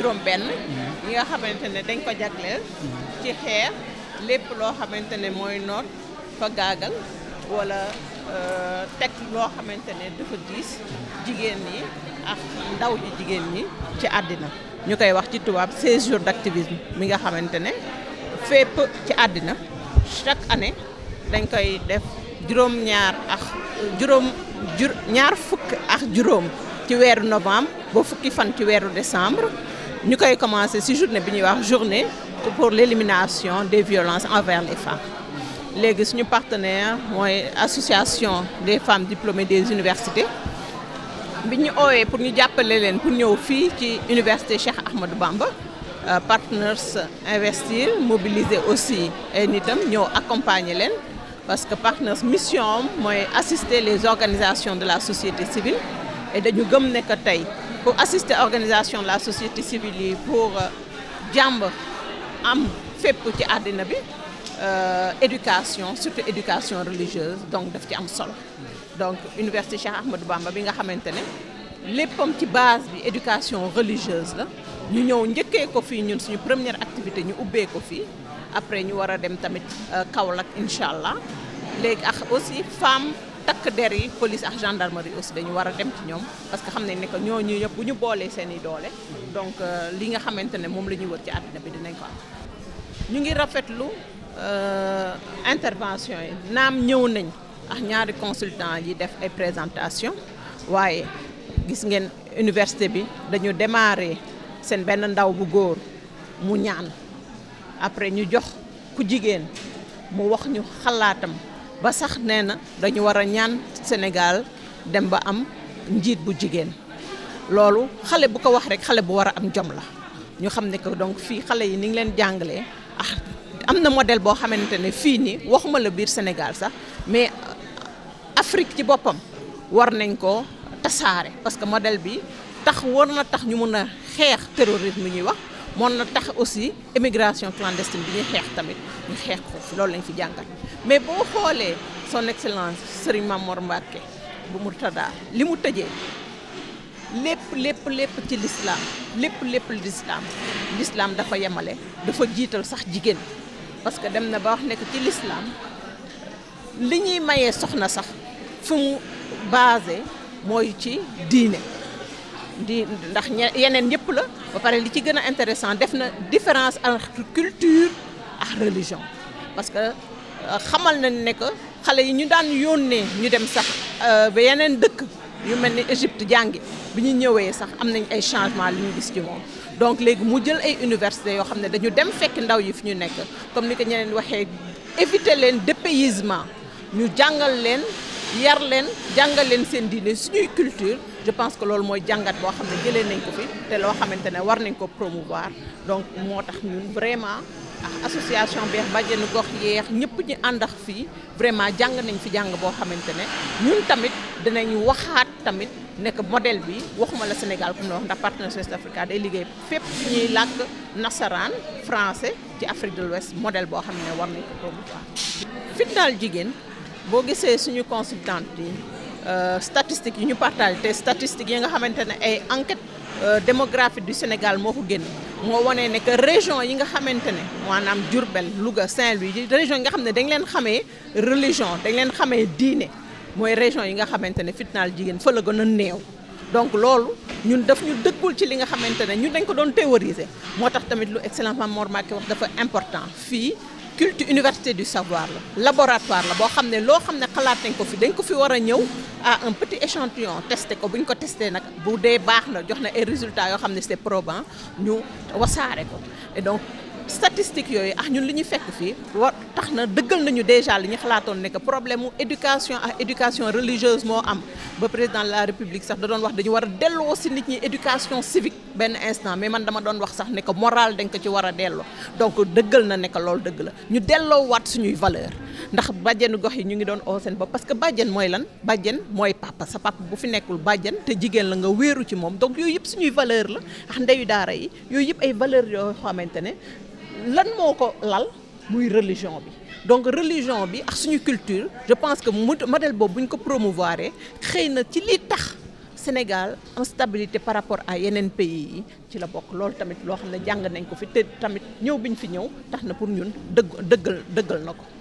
juróom-benn. yi nga xamante ne dañ ko jagleel. ci xeex lépp loo xamante ne mooy noot fa gaagal wala euh, teg loo xamante ne dafa diis jigéen ñi ak ndaw ji jigéen ñi ci àddina. ñu koy wax ci tubaab 16 jours d'activisme mi nga xamante ne fépp ci àddina chaque année dañ koy def juróom-ñaar ak juróom jur ñaar fukk ak juróom ci weeru novembre ba fukki fan ci weeru décembre. ñu koy commencé si journée bi ñuy wax journée pour l'élimination des violences envers les femmes léegi suñu partenaire mooy association des femmes diplômées des universités bi ñu oowee pour ñu jàppale leen pour ñëw fii ci université Cheikh Ahmadou Bamba euh, partners investir mobiliser aussi ay nitam ñëw accompagner leen parce que partners mission mooy assister les organisations de la société civile et dañu gëm ne que tey pour assister organisation de la société civile yi pour euh, jàmb am fépp ci àddina bi euh, éducation surtout éducation religieuse donc daf ci am solo donc université Cheikh Ahmadou Bamba bi nga xamante ne léppam ci base bi éducation religieuse la ñu ñëw njëkkee ko fii ñun suñu première activité ñu ubbee ko fii après ñu war a dem tamit euh, Kaolack incha allah léegi ak aussi femme takk der yi police ak gendarmerie aussi dañu war a dem ci ñoom parce xam ne ne que ñooñu ñëpp bu ñu boolee seen i doole donc euh, li nga xamante ne moom la ñuy wër ci àddina bi dinañ ko am ñu ngi rafetlu euh, intervention yi naam ñëw nañ ak ah, ñaari consultant yi def ay présentation waaye gis ngeen université bi dañu démarrer seen benn ndaw bu góor mu ñaan après ñu jox ku jigéen mu wax ñu xalaatam ba sax nee na dañu war a ñaan Sénégal dem ba am njiit bu jigéen loolu xale bu ko wax rek xale bu war a am jom la ñu xam ne que donc fii xale yi ni ngi leen jàngalee ah am na modèle boo xamante ne fii nii waxuma la biir Sénégal sax mais Afrique ci boppam war nañ ko tasaare parce que modèle bi tax war na tax ñu mun a xeex terrorisme ñuy wax moon na tax aussi immigration clandestine bi ñuy xeex tamit ñu xeex ko loolu lañ fi jàngal mais boo xoolee son excellence Serigne Mamor Mbacke bu mu Murtada li mu tëjee lépp lépp lépp ci l'islam lépp lépp l'islam l'islam dafa yemale dafa jiital sax jigéen parce que dem na ba wax nekk ci l'islam li ñuy mayee soxna sax fu mu basé mooy ci diine di ndax yeneen yëpp la ba pare li ci gën a intéressant def na différence entre culture ak religion parce que euh, xamal nañ ne que xale yi ñu daan yónnee ñu dem sax euh, ba yeneen dëkk yu mel ni Égypte jàngi bi ñu ñëwee sax am nañ ay changement li ñu gis ci moom donc léegi mu jël ay université yoo xam ne dañu dem fekk ndaw yi fu ñu nekk comme ni ko ñeneen waxee éviter leen dépaysement ñu jàngal leen yar leen jàngal leen seen diine suñuy culture je pense que loolu mooy jàngat boo xam ne jëlee nañ ko fi te loo xamante ne war nañ ko promouvoir donc moo tax ñun vraiment association beex bàjjenu gox yeex ñëpp ñu ànd ak fii vraiment jàng nañ fi jàng boo xamante ne ñun tamit dinañ waxaat tamit nekk modèle bi waxuma la Sénégal comme la ndax partenaire Ouest Africa day liggéey fépp ñuy làkk nasaraan français ci Afrique de l'Ouest modèle boo xam ne war nañ ko promouvoir boo gisee suñu consultante yi euh, statistiques yi ñu partage te statistiques yi nga xamante ne ay enquête euh, démographique du Sénégal moo ko génn moo wane ne que région yi nga xamante ne maanaam Diourbel Louga Saint-Louis région yi nga xam ne dañ leen xamee religion dañ leen xamee diine mooy région yi nga xamante ne fitnaal jigéen fa la gën a néew donc loolu ñun daf ñu dëkkul ci li nga xamante ne ñun dañ ko doon théoriser moo tax tamit lu excellence Mame Mor wax dafa important fii culte université du savoir la laboratoire la boo xam ne loo xam ne xalaat nañ ko fi dañ ko fi war a ñëw à un petit échantillon testé ko bu ko testé nag bu dee baax na jox na ay résultats yoo xam ne c'est probant ñu wasaare ko et donc statistiques yooyu ax ah, ñun li ñu fekk fii war tax na dëggal nañu déjà li ñu xalaatoon ne que problème mu éducation ak éducation religieuse moo am ba président de la république sax da doon wax dañu war a delloo si nit ñi éducation civique benn instant mais man dama doon wax sax ne que morale dañ ko ci war a delloo donc dëggal na ne que loolu dëgg la ñu delloo waat suñuy valeur ndax bàjjenu gox yi ñu ngi doon oo ba parce que bàjjen mooy lan bàjjen mooy papa sa papa bu fi nekkul bàjjen jigéen la nga wéeru ci moom donc yooyu yëpp suñuy valeur la ak ndeyu daara yi yooyu yëpp ay valeur yoo xamante ne lan moo ko lal muy religion bi donc religion bi ak suñu culture je pense que modèle boobu bu ñu ko promouvoir xëy na ci lii tax Sénégal am par rapport à yeneen pays yi ci la bokk loolu tamit loo xam ne jàng nañ ko fi te tamit ñëw bi ñu fi ñëw tax na pour ñun dëgg dëggal dëggal na ko